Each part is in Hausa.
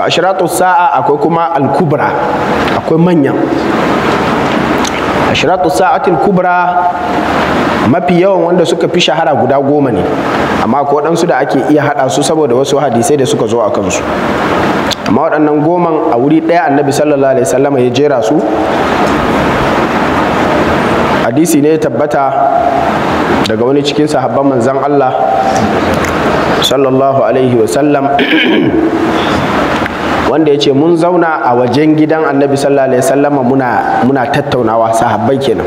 ba ashiratu sa'a akwai kuma al-kubra akwai manyan ashiratu sa'atil kubra mafi yawan wanda suka fi shahara guda goma ne amma akwai waɗansu da ake iya haɗa su saboda wasu hadisai da suka zo a kansu amma waɗannan goman a wuri ɗaya annabi sallallahu alaihi wasallam ya jera su hadisi ne ya tabbata daga wani cikin sahabban manzon Allah sallallahu alaihi wasallam wanda ya ce mun zauna a wajen gidan annabi sallallahu alaihi wasallam muna muna tattaunawa sahabbai kenan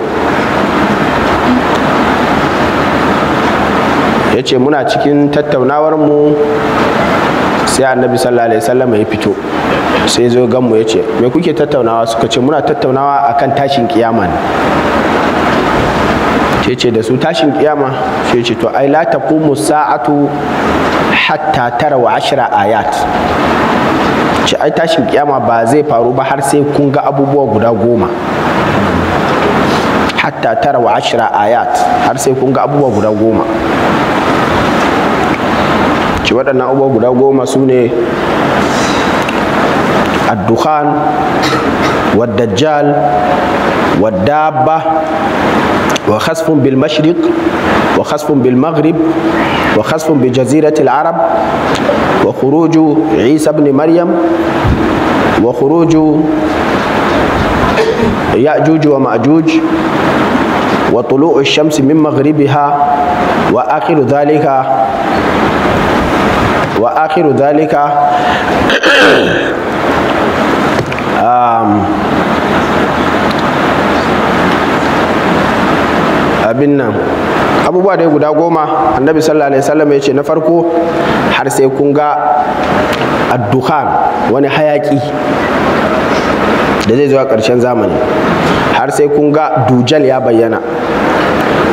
ya ce muna cikin tattaunawar mu sai annabi sallallahu alaihi wasallam ya fito sai zo ganmu ya ce me kuke tattaunawa suka ce muna tattaunawa akan tashin kiyama ne ce ce da su tashin kiyama sai ce to ai la taqumu sa'atu hatta tara wa ashra ayat ci ai tashin kiyama ba zai faru ba har sai kun ga abubuwa guda goma hatta tara wa ashira ayat har sai kun ga abubuwa guda goma ci waɗannan abubuwa guda goma su ne addukhan wa waddabba wa khasfun bil mashriq وخسف بالمغرب وخسف بجزيرة العرب وخروج عيسى بن مريم وخروج يأجوج ومأجوج وطلوع الشمس من مغربها وآخر ذلك وآخر ذلك أبنا abubuwa dai guda goma annabi sallallahu alaihi wasallam ya ce na farko har sai kun ga addukhan wani hayaki da zai zo a ƙarshen zamani har sai kun ga dujal ya bayyana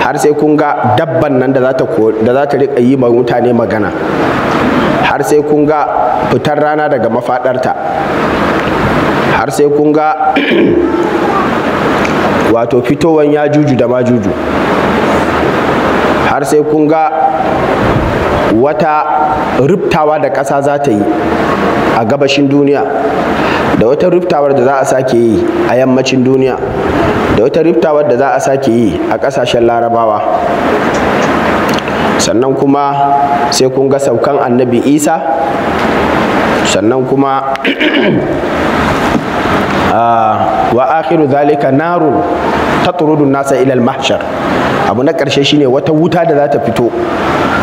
har sai kun ga dabban nan da za ta riƙa yi ma mutane magana har sai kun ga fitar rana daga mafaɗarta har sai kun ga wato fitowan ya juju da majuju har sai kun ga wata ruftawa da ƙasa za ta yi a gabashin duniya da wata rubtawar da za a sake yi a yammacin duniya da wata rubtawar da za a sake yi a ƙasashen larabawa sannan kuma sai kun ga saukan annabi isa sannan kuma Ah, wa akhiru zalika naru tatrudu nasa ila al-mahshar abu na karshe shine wata wuta da za ta fito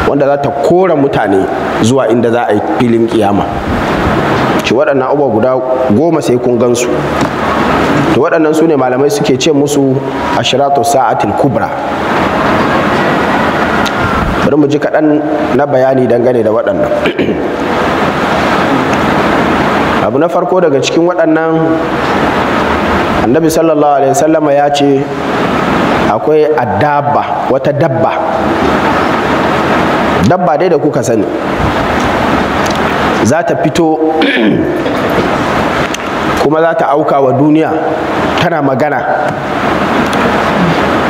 wanda za ta kora mutane zuwa inda za a yi filin kiyama shi waɗannan abubuwa guda goma sai kun gan su to waɗannan su ne malamai suke ce musu ashiratu sa'atil kubra bari mu ji kaɗan na bayani dangane da waɗannan abu na farko daga cikin waɗannan annabi sallallahu alaihi wasallama ya ce akwai addaba wata dabba dabba dai da kuka sani za ta fito kuma za ta auka wa duniya tana magana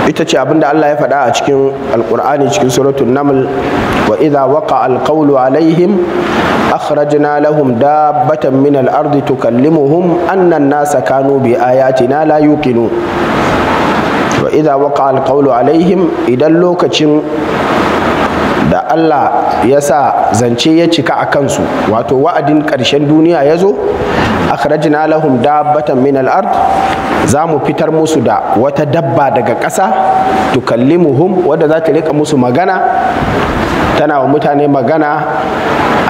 ita ce abinda Allah ya faɗa a cikin alkur'ani cikin suratul naml wa idha waqa alqawlu alaihim akhrajna lahum dabbatan min al-ardi tukallimuhum anna an-nasa kanu bi ayatina la yuqinu wa idha waqa alqawlu alaihim idan lokacin da Allah ya sa zance ya cika a kansu wato wa'adin ƙarshen duniya ya zo akhrajna lahum dabbatan min al-ard za mu fitar musu da wata dabba daga ƙasa tukallimuhum wadda za ta rika musu magana tana wa mutane magana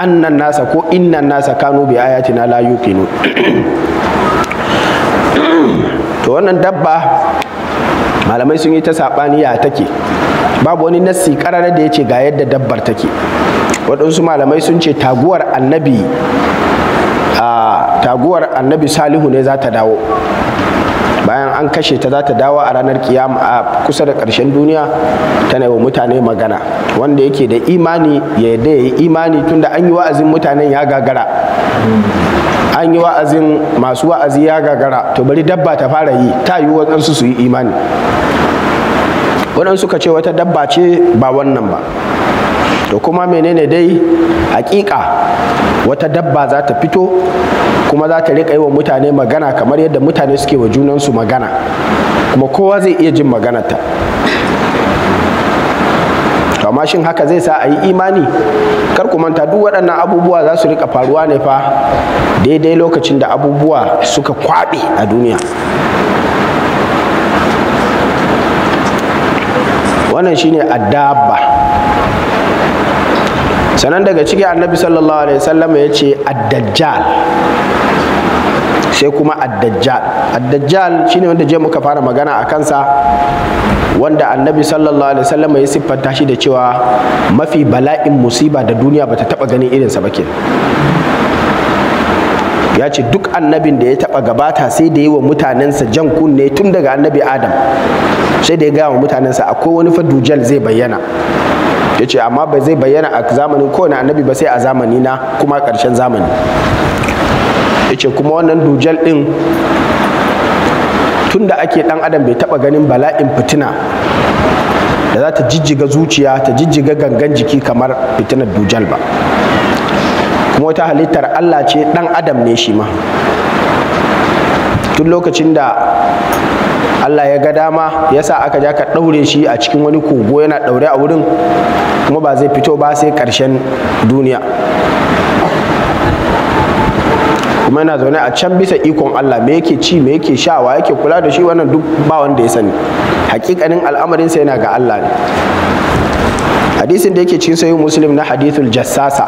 annan nasa ko innan nasa kanu bi ayatina la yuqinu to wannan dabba malamai sun yi ta saɓani take babu wani nassi ƙararar da ya ce ga yadda dabbar take waɗansu malamai sun ce taguwar annabi taguwar annabi salihu ne za ta dawo bayan an kashe ta za ta dawo a ranar kiyama a kusa da ƙarshen duniya tana yi wa mutane magana wanda yake da imani ya ya yi imani tunda an yi wa'azin mutanen ya gagara an yi wa'azin masu wa'azi ya gagara to bari dabba ta fara yi ta yi waɗansu su yi imani waɗansu ka ce wata dabba ce ba wannan ba to kuma menene dai hakika wata dabba za ta fito kuma za ta riƙa yi wa mutane magana kamar yadda mutane suke wa junansu magana kuma kowa zai iya jin maganarta amma shin haka zai sa a yi imani kar ku manta duk waɗannan abubuwa za su rika faruwa ne fa daidai lokacin da abubuwa suka kwaɓe a duniya wannan shine addabba sanan daga ciki annabi sallallahu alaihi wasallam ya ce addajjal sai kuma addajjal addajjal shine wanda je muka fara magana a kansa wanda annabi sallallahu alaihi wasallam ya siffanta shi da cewa mafi bala'in musiba da duniya bata taba ganin irinsa ba ke. ya ce duk annabin da ya taba gabata sai da yi wa mutanensa jan kunne tun daga annabi adam sai da ya gaya wa mutanensa akwai wani fa zai bayyana ya ce amma ba zai bayyana a zamanin kowane annabi ba sai a zamani na kuma a ƙarshen zamani yace kuma wannan dujal din tunda ake dan adam bai taba ganin bala'in fitina da za ta jijjiga zuciya ta jijjiga gangan jiki kamar fitinar dujal ba kuma wata halittar Allah ce dan adam ne shi ma tun lokacin da Allah ya ga dama ya sa aka ja ka ɗaure shi a cikin wani kogo yana daure a wurin kuma ba zai fito ba sai karshen duniya kuma yana zaune a can bisa ikon Allah me yake ci me yake sha wa yake kula da shi wannan duk ba wanda ya sani hakikanin al'amarin sa yana ga Allah ne hadisin da yake cikin sahih muslim na hadithul jassasa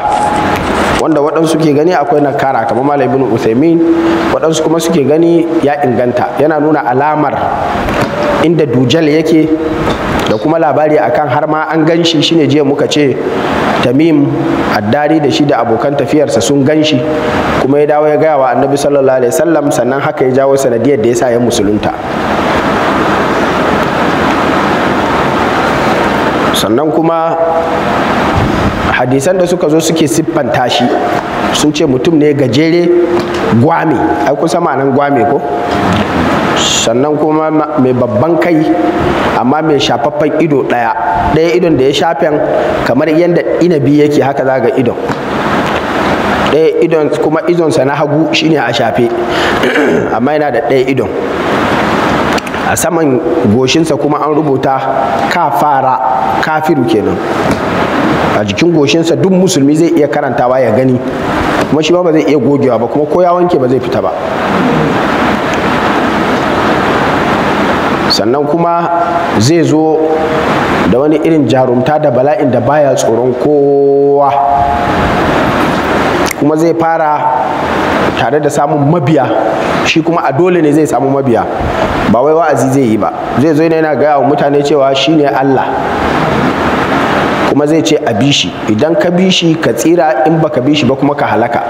wanda waɗansu ke gani akwai nakara kamar malam ibn uthaymin waɗansu kuma suke gani ya inganta yana nuna alamar inda dujal yake da kuma labari akan har ma an gan shi shine jiya muka ce tamim addari da shi da abokan tafiyarsa sun gan shi kuma ya dawo ya gaya wa annabi sallallahu alaihi wasallam sannan haka ya jawo sanadiyar da ya sa ya musulunta sannan kuma hadisan da suka zo suke siffanta shi sun ce mutum ne gajere gwame ai kusa ma'anan gwame ko sannan kuma mai babban kai amma mai shafaffen ido ɗaya ɗaya idon da ya shafen kamar yadda inabi yake haka zaga ga idon ɗaya idon kuma idonsa na hagu shine a shafe amma yana da ɗaya idon a saman goshinsa kuma an rubuta kafara kafiru kenan a jikin goshinsa duk musulmi zai iya karantawa ya gani kuma shi ba zai iya gogewa ba kuma ko ya wanke ba zai fita ba sannan kuma zai zo da wani irin jarumta da bala'in da baya tsoron kowa kuma zai fara tare da samun mabiya shi kuma a dole ne zai samu mabiya ba wai wa'azi zai yi ba zai zo yana gaya wa mutane cewa shi ne Allah kuma zai ce a bishi idan ka bishi ka tsira in ba baka bishi ba kuma ka halaka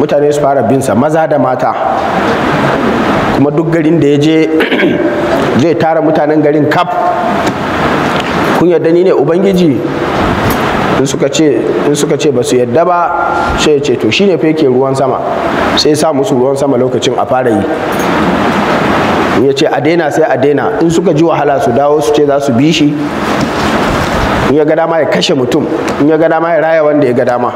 mutane su fara binsa maza da mata kuma duk garin da ya je zai tara mutanen garin kaf kun yarda ni ne ubangiji in suka ce ba su yadda ba sai ce to shine ne yake ruwan sama sai sa musu ruwan sama lokacin a fara yi ya ce a daina sai a daina in suka ji wahala su dawo su ce za su bi shi in ya ga dama ya kashe mutum in ya ga dama ya raya wanda ya ga dama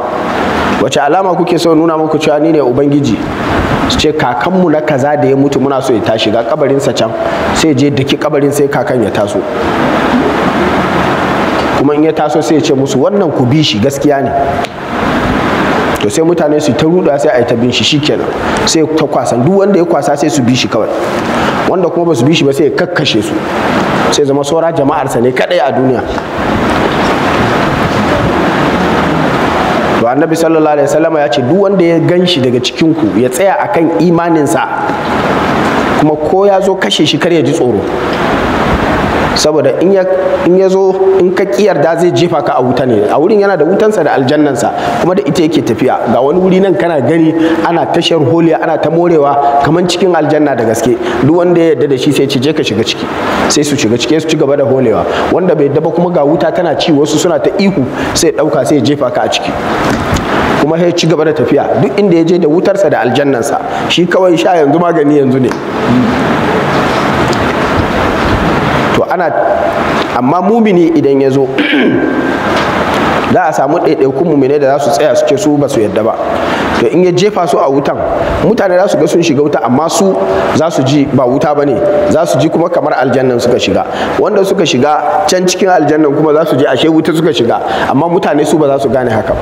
wace alama kuke so nuna muku cewa ni ne ubangiji su ce kakanmu na kaza da ya mutu muna so ya tashi ga kabarinsa can sai je daki kabarin sai kakan ya taso kuma in ya taso sai ya ce musu wannan ku bi shi gaskiya ne to sai mutane su ta ruda sai a yi ta bin shi shikenan sai ta kwasa duk wanda ya kwasa sai su bi shi kawai wanda kuma ba su bi shi ba sai ya kakkashe su sai zama saura jama'arsa ne kadai a duniya to annabi sallallahu alaihi wasallama ya ce duk wanda ya gan shi daga cikin ku ya tsaya akan imaninsa kuma ko ya zo kashe shi kar ya ji tsoro saboda in ya zo in ka kiyar da zai jefa ka a wuta ne a wurin yana da wutansa da aljannansa kuma da ita yake tafiya ga wani wuri nan kana gani ana tashar holiya ana ta morewa kamar cikin aljanna da gaske duk wanda ya yarda da shi sai ce je ka shiga ciki sai su shiga ciki su ci gaba da holewa wanda bai daba kuma ga wuta tana ci wasu suna ta ihu sai dauka sai jefa ka a ciki kuma sai ci gaba da tafiya duk inda ya je da wutarsa da aljannansa shi kawai sha yanzu magani yanzu ne to ana amma mumini idan ya zo za a samu ɗaiɗaikun mumine da za su tsaya suke su ba su yadda ba to in ya jefa su a wutan mutane za su ga sun shiga wuta amma su za su ji ba wuta ba ne za su ji kuma kamar aljannan suka shiga wanda suka shiga can cikin aljannan kuma za su ji ashe wuta suka shiga amma mutane su ba za su gane haka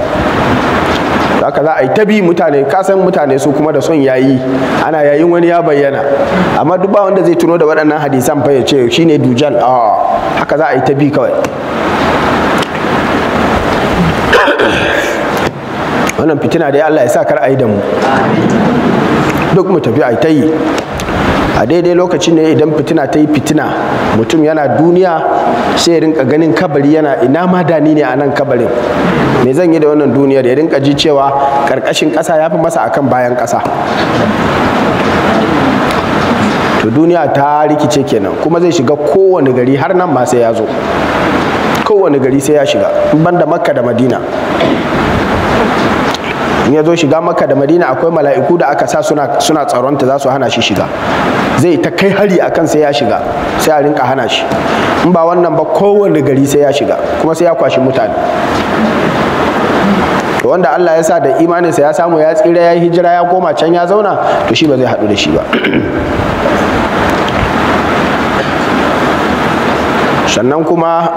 haka za a yi tabi mutane kasan mutane su kuma da son yayi ana yayin wani ya bayyana amma duk ba wanda zai tuno da waɗannan hadisan fa ya ce shine dujan a haka za a yi tabi kawai wannan fitina dai Allah ya sa kar a yi da mu duk mu tafi a yi ta yi a daidai lokacin ne idan fitina ta yi fitina mutum yana duniya sai ya rinka ganin kabari yana ina ma dani ne a nan kabarin me zan yi da wannan duniyar ya rinka ji cewa karkashin ƙasa ya fi masa akan bayan ƙasa to duniya ta rikice kenan kuma zai shiga kowane gari har nan ma sai ya zo kowane gari sai ya shiga banda makka da madina in ya zo shiga makka da madina akwai mala'iku da aka sa suna ta za su hana shi shiga zai ta kai hari akan sai ya shiga sai a rinka hana shi in ba wannan ba kowane gari sai ya shiga kuma sai ya kwashi mutane to wanda Allah ya sa da imaninsa ya samu ya tsira ya hijira ya koma can ya zauna to shi ba zai haɗu da shi ba sannan kuma